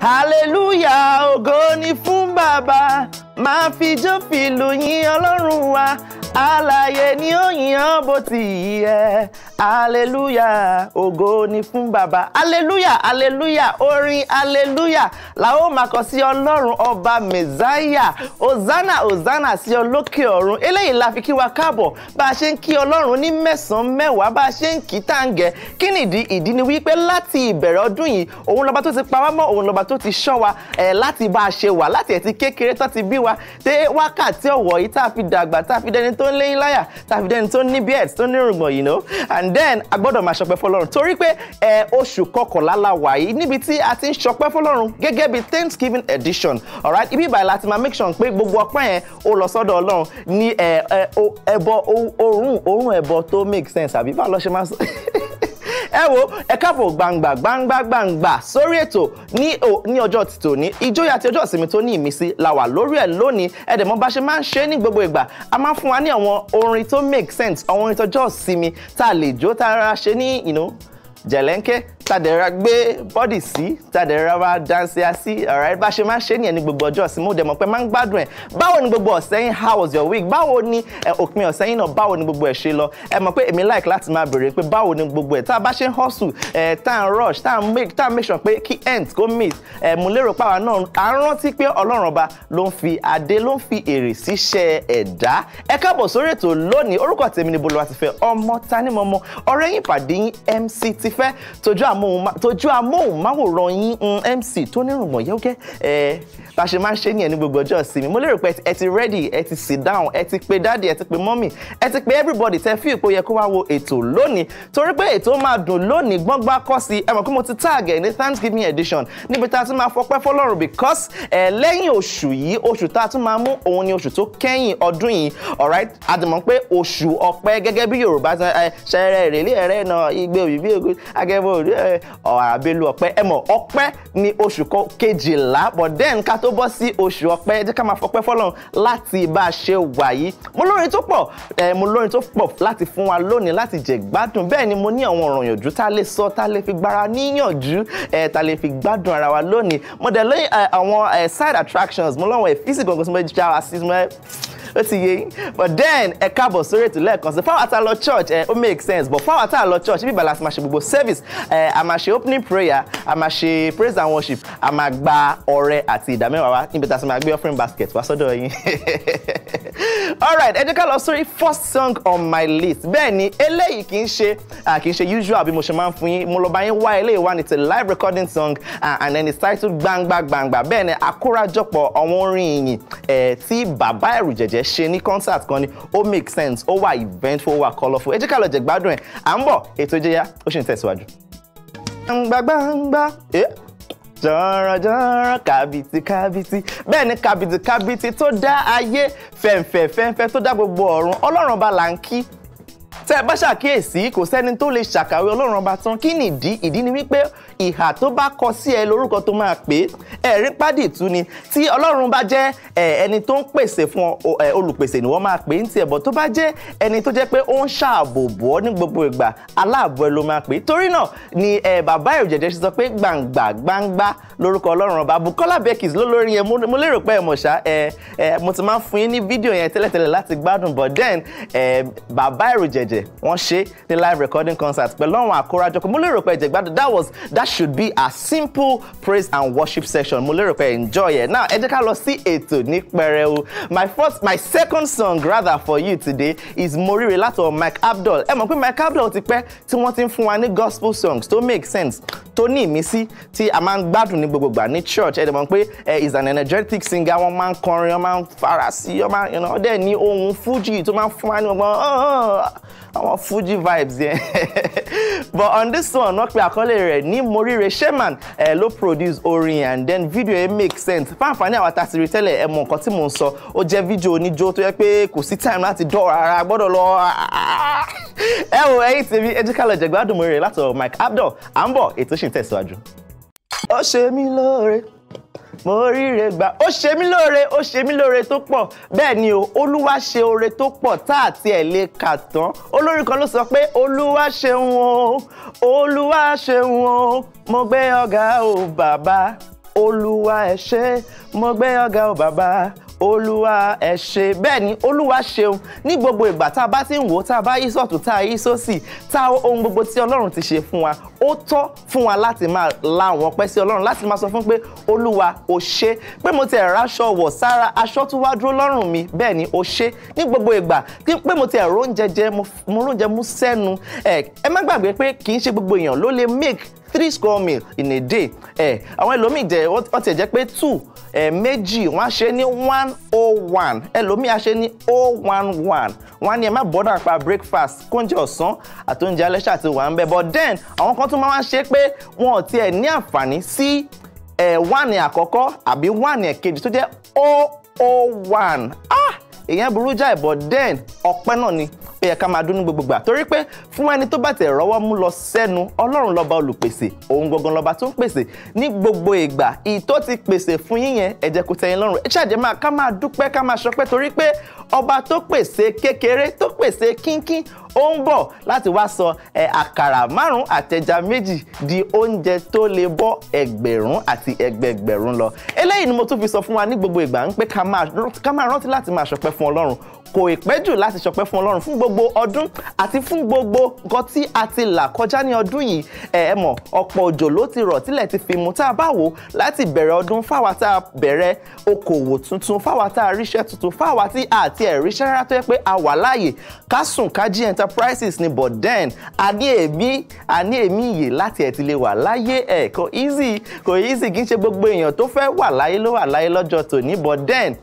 hallelujah ògo oh ni fún bàbá. máa fi jófìlù yìn ọlọ́run wa alààyè ni ó yìn ọ́ bó ti yẹ aleluya ògo ni fún bàbá aleluya aleluya orin aleluya la ó máa kọ sí ọlọ́run ọba mẹ̀sáyà hosanna hosanna sí olókè ọ̀run eléyìí la fi kí wa káàbọ̀ bá a ṣe ń kí ọlọ́run ní mẹ́sàn-án mẹ́wàá bá a ṣe ń kí tàǹgẹ̀ kí nìdí ìdí ni wípé láti ìbẹ̀rẹ̀ ọdún yìí òun lọ́ba tó ti pa wá mọ́ òun lọ́ba tó ti ṣọ́ wa láti bá a ṣe wà láti ẹ̀ ti kékeré tó ti bí w wa dé wákàtí ọ̀wọ̀ yìí tá a fi dàgbà tá a fi dẹni tó ń léyìn láyà tá a fi dẹni tó ní bíẹ̀t tó ní rùgbọ̀n yìí ná and then a gbọ́dọ̀ máa ṣọpẹ́ fọlọ́run torí pé ẹ oṣù kọkànlá la wà yìí níbi tí a ti ń ṣọpẹ́ fọlọ́run gẹ́gẹ́ bí thanksgiving edition alright ibi ìbàlẹ̀ láti máa make sure pé gbogbo ọpẹ́ yẹn ó lọ sọ́dọ̀ ọlọ́run ní ẹbọ òórùn òórùn ẹbọ tó make sense àbí báwo lọ ṣe máa sọ. ẹ wo ẹ káàbọ̀ gbangba gbangba gbangba sórí ètò ní ní ọjọ́ ti tòní ìjọyà àti ọjọ́ ìsinmi tó ní ìmísí la wà lórí ẹ̀ lónìí ẹ̀dẹ̀mọ́ bá ṣe máa ń ṣe é ní gbogbo ìgbà a máa ń fún wa ní àwọn orin tó make sense àwọn orin tọjọ́ ìsinmi tá a lè jó tá a ra ṣe ní you know jẹ̀lẹ́ńkẹ́ tàdẹ̀ra gbé bọ́dì sí tàdẹ̀ra wa dansia sí alright bá ṣe máa ń ṣe nìyẹn ní gbogbo ọjọ́ ọ̀sìn mo dẹ̀ mọ̀ pé máa ń gbádùn ẹ̀ báwo ni gbogbo ọ̀sẹ̀ yín how was your week báwo ni òpin ọ̀sẹ̀ yín náà báwo ni gbogbo ẹ̀ ṣe lọ ẹ mọ̀ pé èmi like láti máa béèrè pé báwo ni gbogbo ẹ̀ tá a bá ṣe ń hustle ẹ̀ tá à ń rush tá à ń make tá à make sure pé kí end go meet ẹ̀ mo lérò páwa náà à ń rántí pé ọlọ́run ọba ló ń fi adé ló ń fi èrè síṣẹ́ ẹ̀dá ẹ káàbọ̀ sórí ètò lónìí orúkọ tèmi ni Bolúwatifẹ́ ọmọ tanímọ̀mọ́ ọ̀rẹ́ yín pàdé yín MC Tifẹ́ fẹ́ tójú amóhùnmáwòrán yín MC Tónírùnmọ̀yẹ́wọ́kẹ́ bá ṣe máa ń ṣe nìyẹn ní gbogbo ọjọ́ ìsinmi mo lérò pé ẹ ti ready ẹ ti sit down ẹ ti pe dáàdì ẹ ti pe mọ́mì ẹ ti pe everybody tẹ fí ìpò yẹ kó wá wo ètò lónìí torí pé ètò máa dùn lónìí gbọ́ngbá kọ́ sí ẹ mọ̀ pé mo ti tag ní thanksgiving edition níbi tá a ti máa fọpẹ́ fọlọ́run because ẹ lẹ́yìn oṣù yìí oṣù tá a tún máa mú òun ni oṣù tó kẹ́yìn ọdún yìí alright àdìmọ̀ pé oṣù ọpẹ́ gẹ́gẹ́ bí yorùbá ṣẹrẹ ìrèlé ẹ̀rẹ́ náà igbe òbíbí ògùn agẹ́bọ̀ òbí ọ̀rọ̀ àbẹ́lú ọpẹ́ ẹ mọ̀ ọpẹ́ ni oṣù kejìlá but then ká tó bọ́ sí oṣù ọpẹ́ jẹ́ ká máa fọpẹ́ fọ́lọ́run láti bá a ṣe wà yìí mo lórin tó pọ̀ mo lórin tó pọ̀ láti fún wa lónìí láti jẹ gbádùn bẹ́ẹ̀ ni mo ní àwọn ọ̀ràn yànjú tá a lè sọ tá a lè fi gbára níyànjú tá a lè fi gbádùn ara wa lónìí mo dẹ̀ lóyún àwọn side attractions mo lọ́wọ́ ìfísì gbọ̀ngàn tí mo jẹ́ àwọn àṣìṣe ó ti yé yín but then ẹ káàbọ̀ sórí ètò lẹ́ẹ̀kan sí fáwọn àtàlọ́ church ẹ eh, ó make sense but fáwọn àtàlọ́ church ibi ìbàlá máa ṣe gbogbo service ẹ eh, a máa ṣe opening prayer a máa ṣe praise and worship a máa gba ọrẹ àti ìdámẹ́wàá wa níbi tá a sì máa gbé offering basket wá sọ́dọ̀ yín alright ẹ jẹ́ ká lọ sórí first song on my list bẹ́ẹ̀ ni eléyìí kì í ṣe kì í ṣe usual bí mo ṣe máa ń fún yín mo lọ bá yín wá eléyìí wá ní ti live recording song and then it's titled gbangba gbangba bẹ́ẹ̀ ni àkórajọpọ̀ àwọn orin ìyìn eh, tí bàbá ẹ̀rù jẹ̀jẹ̀ ṣe ní concert kan ni ó make sense ó wà eventful ó wà colourful ẹ jẹ́ ká lọ jẹ gbádùn ẹ̀ à ń bọ̀ ètò ìjẹyà ó ṣì ń tẹ̀síwájú. gbangbangba jọ̀rọ̀jọ̀rọ̀ kàbìtì kàbìtì bẹ́ẹ̀ ni kàbìtì kàbìtì tó dá ayé fẹ̀ǹfẹ̀ fẹ̀ǹfẹ̀ tó dá gbogbo ọ̀run ọlọ́run ọba là ń kí tẹ́ ẹ bá ṣàkíyèsí kò sẹ́ni tó lè ṣàkàwé ọlọ́run ọba tán kí nìdí ìdí ni wípé ìhà tó bá kọ sí ẹ lórúkọ tó máa pè é ẹ̀rí pádì tú ni tí ọlọ́run bá jẹ́ ẹni tó ń pèsè fún olùpèsè ni wọ́n máa pè é ní tiẹ̀ bọ̀ tó bá jẹ́ ẹni tó jẹ́ pé ó ń ṣààbò bò ọ́ ní gbogbo ìgbà aláàbò ẹ ló máa pè é torí náà ni bàbá ìjẹ̀jẹ̀ ṣe sọ pé gbàǹgbà gbàǹgbà lórúkọ ọlọ́run ọba Bukola Bekis lólórí yẹn mo lérò pé ẹ mọ̀ ṣá mo ti máa ń fún yín ní fídíò yẹn tẹ́lẹ̀tẹ́lẹ̀ láti gbádùn but then bàbá ìròjẹ̀jẹ̀ wọ́n ṣe ní live recording concert pẹ̀lú àwọn àkórajọpọ̀ mo lérò pé ẹ̀jẹ̀ gbádùn that was that that should be a simple praise and worship session. mo lérò pé enjoy it now ẹ jẹ́ ká lọ sí ètò ní pẹrẹu my first my second song rather for you today is morire látọ̀ Mike Abdul ẹ mọ̀ pé Mike Abdul ti pẹ́ tí wọ́n ti ń fún wa ní gospel songs tó make sense tó ní ìmísí tí a máa ń gbádùn ní gbogbogbà ní church ẹ dẹ̀ mọ̀ pé is an energetic singer wọ́n máa ń kọrin wọ́n máa ń fara sí wọ́n máa ń ọdẹ ní ohun fuji tó máa ń fún wa ní ọgbọ́n oh, oh, oh, àwọn fuji vibes yẹn but on this one wọ́n pe àkọlé rẹ̀ ní mo ọmọríire sherman ẹ eh, ló produce orin and then video ẹ make sense fáǹfààní àwọn àtàtìrí tẹ́lẹ̀ ẹ mọ nǹkan tí mò ń sọ ó jẹ́ fídíò oníjó tó yẹ pé kò sí time láti dọ̀ rárá gbọ́dọ̀ lọ ah, ah, ah. ẹ wo ẹ̀yin tèmi ẹ jẹ́ ká lọ jẹ̀gbádùn mọ́rẹ̀ látọ̀ Mike Abdul à ń bọ̀ ètò ṣì ó ṣe mí lóore mo ríre gbà ó ṣe mí lóore ó ṣe mí lóore tó pọ̀ bẹ́ẹ̀ ni o olúwa ṣe oore tó pọ̀ tá àti ẹ̀ lè kà tán olórin kan ló sọ pé olúwa ṣeun o olúwa ṣeun o mo gbé ọ̀gá o bàbá olúwa ẹ ṣé mo gbé ọ̀gá o bàbá olúwa ẹ ṣé bẹ́ẹ̀ ni olúwa ṣeun ní gbogbo ìgbà tá a bá ti ń wò ó tá a bá yí sọ̀tún tá a yí sósì tá ohun gbogbo tí ọlọ́run ti ṣe fún wa ó tọ́ fún wa láti máa la àwọn ọpẹ́ sí ọlọ́run láti máa sọ fún pé olúwa ó ṣé pé mo ti ẹ̀rọ aṣọ wọ̀ sára aṣọ tó wá dúró lọ́rùn mi bẹ́ẹ̀ ni ó ṣé ní gbogbo ìgbà pé mo ti ẹ̀rọ oúnjẹ jẹ mo róúnjẹ mú sẹ́nu ẹ má gbàgbé pé kì í ṣe gbogbo èèyàn ló lè make three score meal in a day àwọn ẹlòmíì jẹ ó tiẹ̀ jẹ́ pé two méjì wọ́n á ṣe ní one oh one ẹlòmíì á ṣe ní oh one one wọ́n á ní ẹ má bọ́dọ̀ pa breakfast kóúnjẹ ọ̀sán àtóúnjẹ alẹ́ ṣàti wà ń bẹ̀ but then àwọn kan tún máa ń ṣe pé wọn ò tiẹ̀ ní àǹfààní sí wánì àkọ́kọ́ àbí wánì ẹ̀kejì tó jẹ́ oh oh one ah èèyàn burú jáì but then ọpẹ́ náà ni tó yẹ ká máa dúnú gbogbo gbà torí pé fún ẹni tó bá tẹ̀ rọ́wọ́ mú lọ sẹ́nu ọlọ́run lọ́ba olùpèsè òun gangan lọ́ba tó ń pèsè ní gbogbo ìgbà ìtó ti pèsè fún yín yẹn ẹ jẹ́ lọ́rùn ẹ ṣàjẹ́ máa ká máa dúpẹ́ ká máa ṣọpẹ́ torí pé ọba tó pèsè kékeré tó pèsè kínkín ó ń bọ̀ láti wá sọ ẹ àkàrà márùn àtẹja méjì di oúnjẹ tó lè bọ́ ẹgbẹ̀rún àti ẹgbẹ̀gbẹ̀rún lọ eléyìí ni mo tún fi sọ fún wa ní gbogbo ìgbà ń pé ká máa rántí láti máa ṣọpẹ́ fún Ọlọ́run kò ì pẹ́ jù láti ṣọpẹ́ fún ọlọ́run fún gbogbo ọdún àti fún gbogbo nǹkan tí a ti là kọjá ní ọdún yìí ẹ ẹ mọ̀ ọ̀pọ̀ òjò ló ti rọ̀ tílẹ̀ ti fi mu tá a bá wò láti bẹ̀rẹ̀ ọdún fáwa tá a bẹ̀rẹ̀ okòwò tuntun fáwa tá a ríṣẹ́ tuntun fáwa tí àti ẹ̀ríṣẹ́ rárá tó yẹ pé a wà láàyè ká sùn ká jí ẹ̀ńtà enterprises ni but then a ní ani a ní èmi ìyè láti ẹ̀ ti lè wà láyé ẹ̀ kò easy ko easy kì í ṣe gbogbo èèyàn tó fẹ́ wà láyé ló wà láyé lọ́jọ́ tòní but then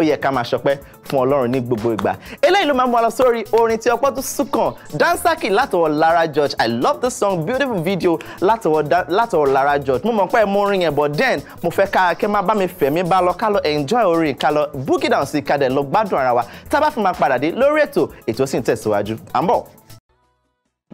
ó yẹ ká máa ṣọpẹ́ fún ọlọ́run ní gbogbo ìgbà eléyìí ló máa mú wa lọ sórí orin tí ọpọ́ tún súnkàn dansaki látọwọ́ Lara George i love this song beautiful video látọwọ́ Lara George mo mọ̀ pé mo rin yẹn but then mo fẹ́ ká kẹ́ máa bá mi fẹ̀mí bá lọ ká lọ enjoy orin ká lọ book it down sí ká dẹ̀ lọ gbádùn ara wa tá a bá fi máa padà dé lórí ètò ètò sì ń tẹ̀síwájú à ń bọ̀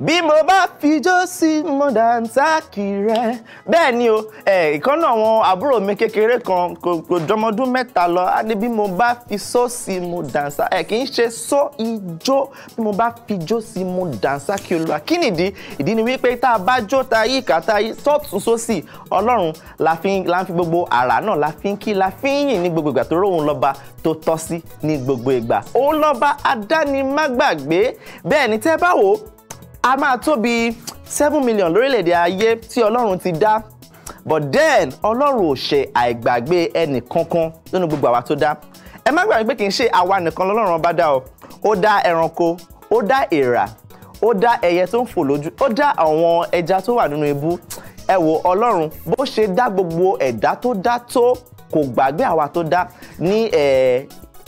bí mo bá fijó sí mọ̀dàntákì rẹ̀ bẹ́ẹ̀ ni o ìkan náà àwọn àbúrò mi kékeré kan kò jọmọdún mẹ́ta lọ á ní bí mo bá fi só sí mo dànsá ẹ̀ kì í ṣe só ijó bí mo bá fijó sí mo dànsá kí olúwa kí nìdí ìdí ni wípé tá a bá jó ta yí ìka ta yí sọ́ọ̀tún sósì ọlọ́run la fi la fi gbogbo àrà náà la fi ń kí la fi ń yìn ní gbogbo ìgbà tó róhun lọ́ba tó tọ́ sí ní gbogbo ìgbà òun lọ́ba adánimágbàgbé bẹ́ẹ̀ ni tẹ́ bá wò a máa tó seven million lórílẹ̀‐èdè ayé tí ọlọ́run ti dá but then ọlọ́run ò ṣe àìgbàgbé ẹnì kankan nínú gbogbo àwa tó dá ẹ má gbàgbé pé kì í ṣe àwa nìkan lọ́lọ́run ọba dá o ó dá ẹranko ó dá èèrà ó dá ẹyẹ tó ń fò lójú ó dá àwọn ẹja tó wà nínú ibú ẹ wo ọlọ́run bó ṣe dá gbogbo ẹ̀dá tó dá tó kò gbàgbé àwa tó dá ní eh,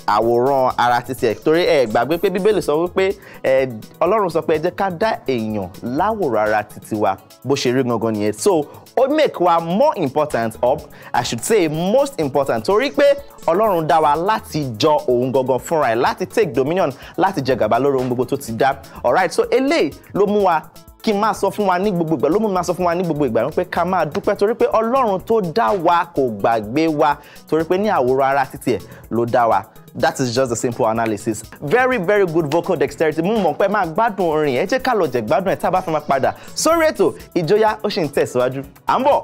àwòrán ara títí ẹ̀ torí ẹ gbàgbé pé bíbélì sọ wípé ẹ ọlọ́run sọ pé ẹ jẹ́ ká dá èèyàn láwòrán ara títí wa bó ṣe rí gangan nìyẹn so ó make wa more important up i should say most important torí pé ọlọ́run dá wa láti jọ òun gangan fúnra ẹ̀ láti take dominion láti jẹ gàba lórí ohun gbogbo tó ti dá alright so eléyìí ló mú wa kí n máa sọ fún wa ní gbogbo ìgbà ló mú máa sọ fún wa ní gbogbo ìgbà wípé ká máa dúpẹ́ torí pé ọlọ́run tó dá wa kò gbàgbé wa torí pé ní àwòrán ara títí ẹ̀ ló dá wa that is just a simple analysis very very good vocal dexterity mo mọ̀ pé máa gbádùn orin ẹ̀ jẹ́ ká lọ jẹ̀ gbádùn ẹ̀ tá a bá fẹ́ máa padà sórí ètò ìjọyà ó sì ń tẹ̀síwájú à ń bọ̀.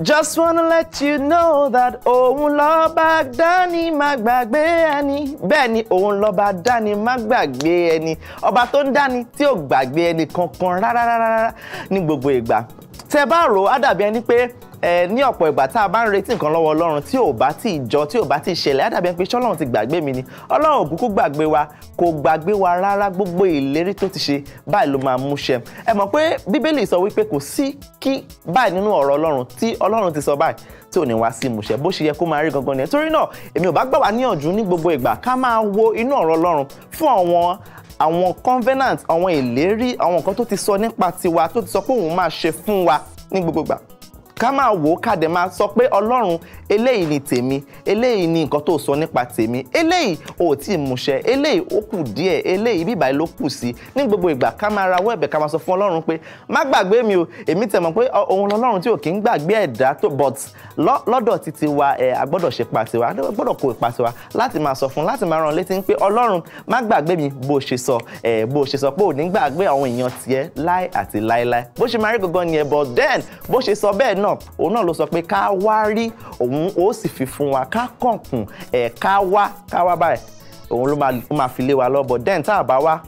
Just wanna let you know that òun lọ́ba dání má gbàgbé ẹni. Bẹ́ẹ̀ ni òun lọ́ba dání má gbàgbé ẹni. Ọba tó ń dání tí ò gbàgbé ẹni kankan rárá ní gbogbo ìgbà. Tẹ bá rò ó á dàbí ẹni pé ní ọ̀pọ̀ ìgbà tá a bá ń retí nǹkan lọ́wọ́ ọlọ́run tí ò bá ti jọ tí ò bá ti ṣẹlẹ̀ àdàbí pé ṣọ́lọ́run ti gbàgbé mi ni ọlọ́run òkú gbàgbé wa kò gbàgbé wa rárá gbogbo ìlérí tó ti ṣe báyìí ló máa mú ṣẹ ẹ mọ̀ pé bíbélì sọ wípé kò sí kí báyìí nínú ọ̀rọ̀ ọlọ́run tí ọlọ́run ti sọ báyìí tí ò ní wá sí ìmúṣẹ bó ṣe yẹ kó máa rí gangan nìyẹn torí náà èmi ò bá gbà wá níyànjú ní gbogbo ìgbà ká máa wo inú ọ̀rọ̀ ọlọ́run fún àwọn àwọn covenant àwọn ìlérí àwọn nǹkan tó ti sọ nípa tiwa tó ti sọ pé òun máa ṣe fún wa ní gbogbo ìgbà ká máa wò ó ká dẹ̀ máa sọ pé ọlọ́run eléyìí ni tèmi eléyìí ni nǹkan tó sọ nípa tèmi eléyìí ò tí ì múṣẹ eléyìí ó kù díẹ̀ eléyìí bíbá ló kù sí ní gbogbo ìgbà ká máa rawọ́ ẹ̀bẹ̀ ká máa sọ fún ọlọ́run pé má gbàgbé mi o èmi tẹ̀ mọ̀ pé òun lọ́lọ́run tí ò kí ń gbàgbé ẹ̀dá tó but lọ́dọ̀ títí wa ẹ̀ agbọ́dọ̀ ṣe pàṣẹ wa agbọ́dọ̀ kó ìpàṣẹ wa láti máa sọ fún láti máa rán létí pé ọlọ́run má gbàgbé mi bó ṣe sọ ẹ̀ bó ṣe sọ pé ò ní gbàgbé àwọn èèyàn tiẹ̀ láì àti láíláí bó ṣe máa rí gangan nìyẹn but then bó ṣe sọ bẹ́ẹ̀ náà náà òun náà ló sọ pé ká wá rí òun ó sì fi fún wa ká kọ̀ọ̀kùn ẹ̀ ká wá ká wá báyìí òun ló máa fi lé wa lọ́bọ̀ den tá a bá wá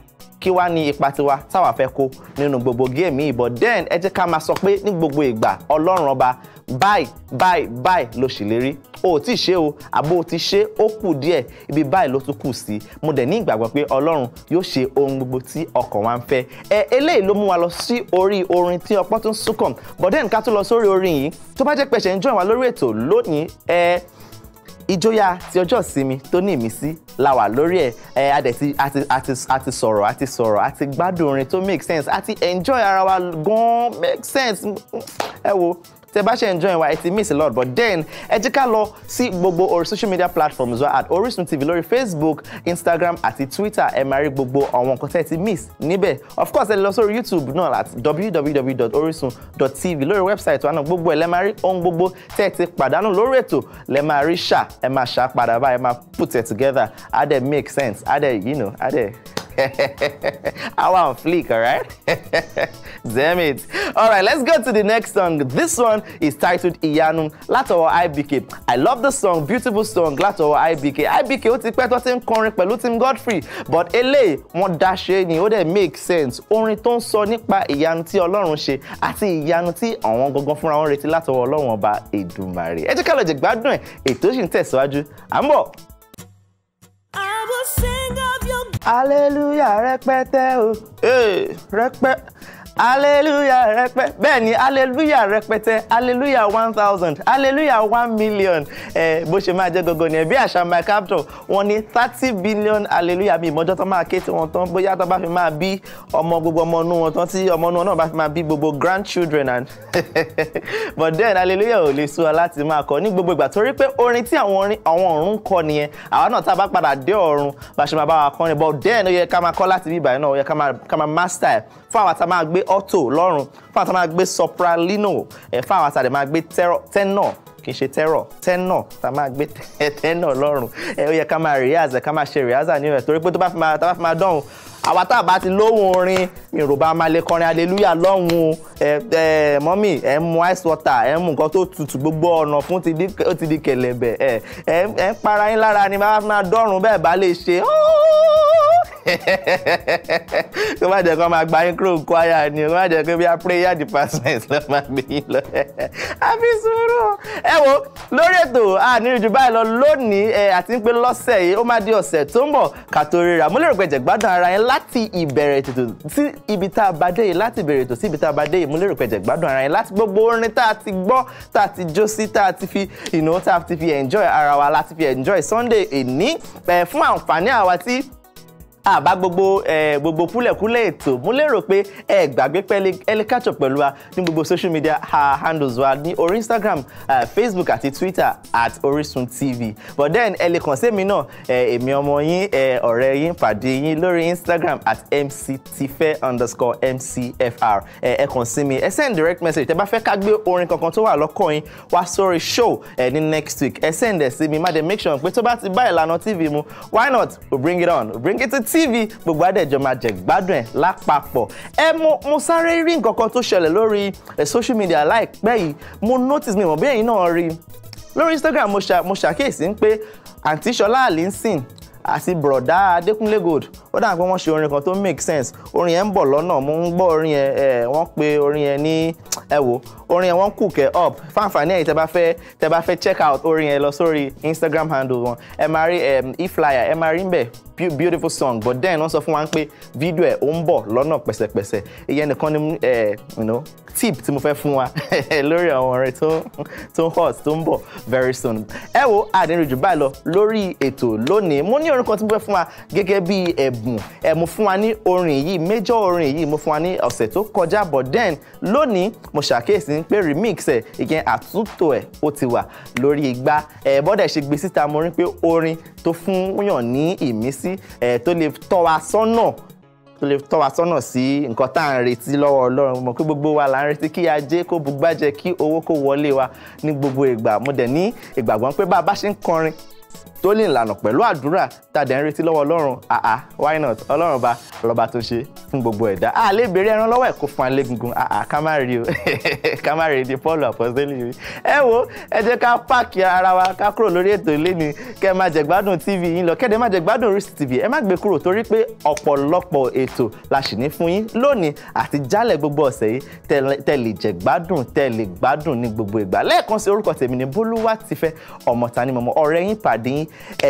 kí wá ní ipa tiwa táwa fẹ́ kó nínú gbogbo géèmì ìbọ̀ den ẹ jẹ́ ká máa sọ pé ní gbogbo ìgbà ọlọ́run ọba báyìí báyìí báyìí ló ṣèlérí o ti ṣe o àbó ti ṣe ó kù díẹ̀ ibi báyìí ló tún kù sí mo dẹ̀ ní ìgbàgbọ́ pé ọlọ́run yóò ṣe ohun gbogbo tí ọkàn wa ń fẹ́ ẹ eléyìí ló mú wa lọ sí orí orin tí ọpọ́n tún súnkàn bọ̀dẹ́n ká tó lọ sórí orin yìí tó bá jẹ́ pé ṣe ń join wa lórí ètò lónìí ẹ ìjọyà ti ọjọ́ ìsinmi tó ní ìmísí la wà lórí ẹ̀ ẹ̀ adẹ̀tí àti àti àti sọ̀rọ̀ àti sọ̀rọ̀ àti gbádùn orin tó make sense àti enjoy ara wa gan make sense ẹ wo tẹ bá ṣe enjoy wa ẹ ti miss a lot but then ẹ jẹ́ ká lọ sí gbogbo orí social media platforms wa at Orisun TV lórí Facebook Instagram àti Twitter ẹ máa rí gbogbo àwọn nǹkan tẹ́ ẹ ti miss níbẹ̀ of course ẹ lè lọ sórí YouTube náà at www.orisun.tv lórí website wa náà gbogbo ẹ lẹ́ máa rí ohun gbogbo tẹ́ ẹ ti pàdánù lórí ètò lẹ́ máa rí ṣà ẹ máa ṣà padà báyìí ẹ máa put it together á dẹ̀ make sense á dẹ̀ you know á dẹ̀. I want fleek, all right? Damn it. All right, let's go to the next song. This one is titled Iyanu. Latowo IBK. I love the song, beautiful song Latowo IBK. IBK ó ti pẹ́ tó ti ń kọrin pẹ̀lú Godfrey but eléyìí wọ́n dáṣe ni o dẹ̀ make sense. Orin tó ń sọ Iyanu ti tí Ọlọ́run ṣe Iyanu ti tí àwọn gangan fúnra wọn retí látọwọ́ Ọlọ́run ọba Èdùmàrè. Ẹ jẹ́ ká lọ jẹ̀ gbádùn ẹ̀ ètò sì ń I will sing aleluya rẹpẹtẹ o rẹpẹ hallelujah rẹpẹ bẹ́ẹ̀ ni hallelujah rẹpẹtẹ hallelujah one thousand hallelujah one million ẹ bó ṣe máa jẹ́ gangan nìyẹn bí àṣà my capital. wọ́n ní thirty billion hallelujah mi ìmọ̀jọ́ tán máa ké tí wọ́n tán bóyá tán bá fi máa bí ọmọ gbogbo ọmọ inú wọn tán tí ọmọ inú wọn náà bá fi máa bí gbogbo grandchildren and but then hallelujah ò lè sú wa láti máa kọ ní gbogbo ìgbà torí pé orin tí àwọn ọ̀run kọ nìyẹn àwa náà tá a bá padà dé ọ̀run bá ṣe máa bá wa kọrin but then ó yẹ ká máa kọ́ láti bí ìbàyẹn náà master ẹ̀ fún àwa gbé alto lọ́rùn fún àwọn tá máa gbé sopralino fún àwọn tá máa gbé tenor kì í ṣe tẹ́rọ̀ tẹ́nọ̀ tá a máa gbé tẹ́nọ̀ lọ́rùn ẹ ó yẹ ká máa rìíyàzà ká máa ṣe rìíyàzà ní rẹ̀ torí pé tó bá fi máa tá a bá fi máa dọ̀hún àwa tá a bá ti lóhùn orin mi máa lè kọrin hallelujah lọ́hùn ẹ ẹ mọ́mì ẹ ń mu ice water ẹ ń mu nǹkan tó tutù gbogbo ọ̀nà fún ti di kẹ̀lẹ̀bẹ̀ ẹ ẹ ń para yín lára ni bá a máa dọ̀rùn bẹ́ẹ̀ bá lè ṣe óóó kó má jẹ́ kó máa gba yín kúrò kwaya ni kó má jẹ́ kó bí a prayer department lọ́ máa gbé yín lọ. àfi sùúrù ẹ wo lórí ètò àníríjú báyìí lọ lónìí ẹ àti pé lọ́sẹ̀ yìí ó má di ọ̀sẹ̀ tó ń bọ̀ kàtó rírà mo lérò pé jẹ̀ gbádùn ara yín láti ìbẹ̀rẹ̀ ètò sí ibi tá a bá dé yìí láti ìbẹ̀rẹ̀ ètò sí ibi tá a bá dé yìí mo lérò pé jẹ̀ gbádùn ara yín láti gbogbo orin tá a ti gbọ́ tá a ti jó sí tá a ti fi ìnáwó tá a ti fi enjoy ara wa láti fi enjoy Sunday èní fún àǹfààní àwa tí àbá gbogbo gbogbo kúlẹ̀kúlẹ̀ ètò mo lérò pé ẹ gbàgbé pẹ́lẹ́ ẹlẹ́kàtọ̀ pẹ̀lú wa ní gbogbo social media handles wa ní orí Instagram Facebook àti Twitter at Orisun TV but then ẹ lè kàn sí èmi náà èmi ọmọ yín ọ̀rẹ́ yín pàdé yín lórí Instagram at mctife underscore mcfr ẹ kàn sí mi ẹ send direct message tẹ bá fẹ́ ká gbé orin kankan tó wà lọ́kọ̀ yín wá sórí show ẹ ní next week ẹ send ẹ sí mi má dé make sure pé tó bá ti bá ìlànà TV mu why not we bring it on we bring it to TV tv gbogbo àdẹ̀jọ máa jẹ gbádùn ẹ̀ lápapọ̀ ẹ mo mo sáré rí nǹkan kan tó ṣẹlẹ̀ lórí eh, social media láìpẹ́ yìí mo notice mi mọ̀ bí ẹ̀yin náà rí lórí instagram mo ṣàkíyèsí pé àǹtí ṣọlá àlínsìn àti bùrọ̀dá adékúnlé gold ó dà pé wọ́n ṣe orin kan tó make sense orin yẹn ń bọ̀ lọ́nà mo ń gbọ́ orin yẹn ẹ eh, wọ́n pe orin yẹn ní ẹ orin yẹn wọ́n cook ẹ up fáǹfààní ẹ̀yìn tẹ́ bá fẹ́ tẹ́ bá fẹ́ check out orin yẹn lọ sórí instagram handle wọn ẹ máa rí eh, e-flyer ẹ máa rí ń bẹ̀ beautiful song but then wọ́n sọ fún wa pé fídíò ẹ̀ ó ń bọ̀ lọ́nà pẹ̀sẹ̀pẹ̀sẹ̀ ìyẹn nìkan ni you know tip tí mo fẹ́ fún wa lórí àwọn ọ̀rẹ́ tó ń hot tó ń bọ̀ very soon. ẹ wo àdínrìnjù báyìí lọ lórí ètò lónìí mo ní orin kan tí mo fẹ́ fún wa gẹ́gẹ́ bí ẹ̀bùn ẹ̀ mo fún wa ní orin yìí major orin yìí mo fún wa ní ọ̀sẹ̀ tó kọjá but then lónìí mo ṣàkíyèsí pé remix ẹ̀ ìyẹn àtúntò ẹ̀ ó ti wà lórí igbá ẹ̀ bọ́dẹ̀ ṣe gbé síta mo rí pé orin tó fún yàn ní ìmísí sí tó lè tọ́ wa sọ́nà tó lè tọ́ wa sọ́nà sí nǹkan tá à ń retí lọ́wọ́ ọlọ́run mọ̀ pé gbogbo wa là ń retí kí ajé kó bugbájẹ kí owó kó wọlé wa ní gbogbo ìgbà mo dẹ̀ ní ìgbàgbọ́ pé bá a bá ṣe ń kọrin tó lè lànà pẹ̀lú àdúrà tàdé ń retí lọ́wọ́ ọlọ́run àá why not ọlọ́run ba lọ́ba tó ṣe fún gbogbo ẹ̀dá a lè béèrè ẹran lọ́wọ́ ẹ̀ kó fún alégúngun àá ká má rí o ká má rí di Paul apostoli yìí ẹ wo ẹ jẹ́ ká páàkì ara wa ká kúrò lórí ètò ìléni kẹ́ ẹ má jẹ gbádùn tv yín lọ kẹ́ẹ̀dẹ́ má jẹ gbádùn Orísun tv ẹ má gbé kúrò torí pé ọ̀pọ̀lọpọ̀ ètò la sì ní fún yín lónìí àti jálẹ̀ gbogbo ọ̀sẹ̀ yìí tẹ́ lè jẹ gbádùn tẹ́ lè gbádùn ní gbogbo ìgbà lẹ́ẹ̀kan sí orúkọ tèmi ní Bólúwatifẹ́ Ọmọtanímọ̀mọ́ ọ̀rẹ́ yín pàd àdín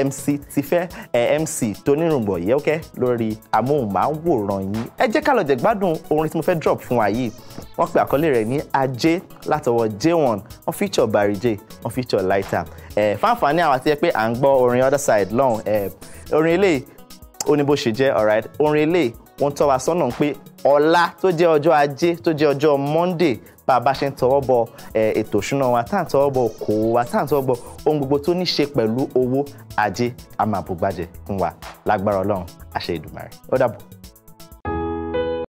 mc Tífẹ́ ẹ mc tónírùngbọ̀ yẹ́wọ́kẹ́ lórí amóhùnmáwòrán yín ẹ jẹ́ ká lọ jẹ̀ gbádùn orin tí mo fẹ́ drop fún wa yìí wọ́n pe àkọlé rẹ̀ ní ajé látọwọ́ j1 wọ́n feature Barry J wọ́n feature lighter ẹ fáǹfààní àwọn àti ẹ pé à ń gbọ́ orin other side lọ́hùn ẹ orin eléyìí ó ní ṣe jẹ́ alright orin eléyìí wọ́n tọ́ wa sọ́nà pé ọ̀la tó jẹ́ ọjọ́ ajé tó jẹ́ ọjọ́ Monday bá a bá ṣe ń tọwọ́ bọ ètò ìṣúná wa tá à ń tọwọ́ bọ òkòwò wa tá à ń tọwọ́ bọ ohun gbogbo tó ní ṣe pẹ̀lú owó ajé a fún wa lágbára ọlọ́run àṣẹ Èdùmàrè ó dàbọ̀.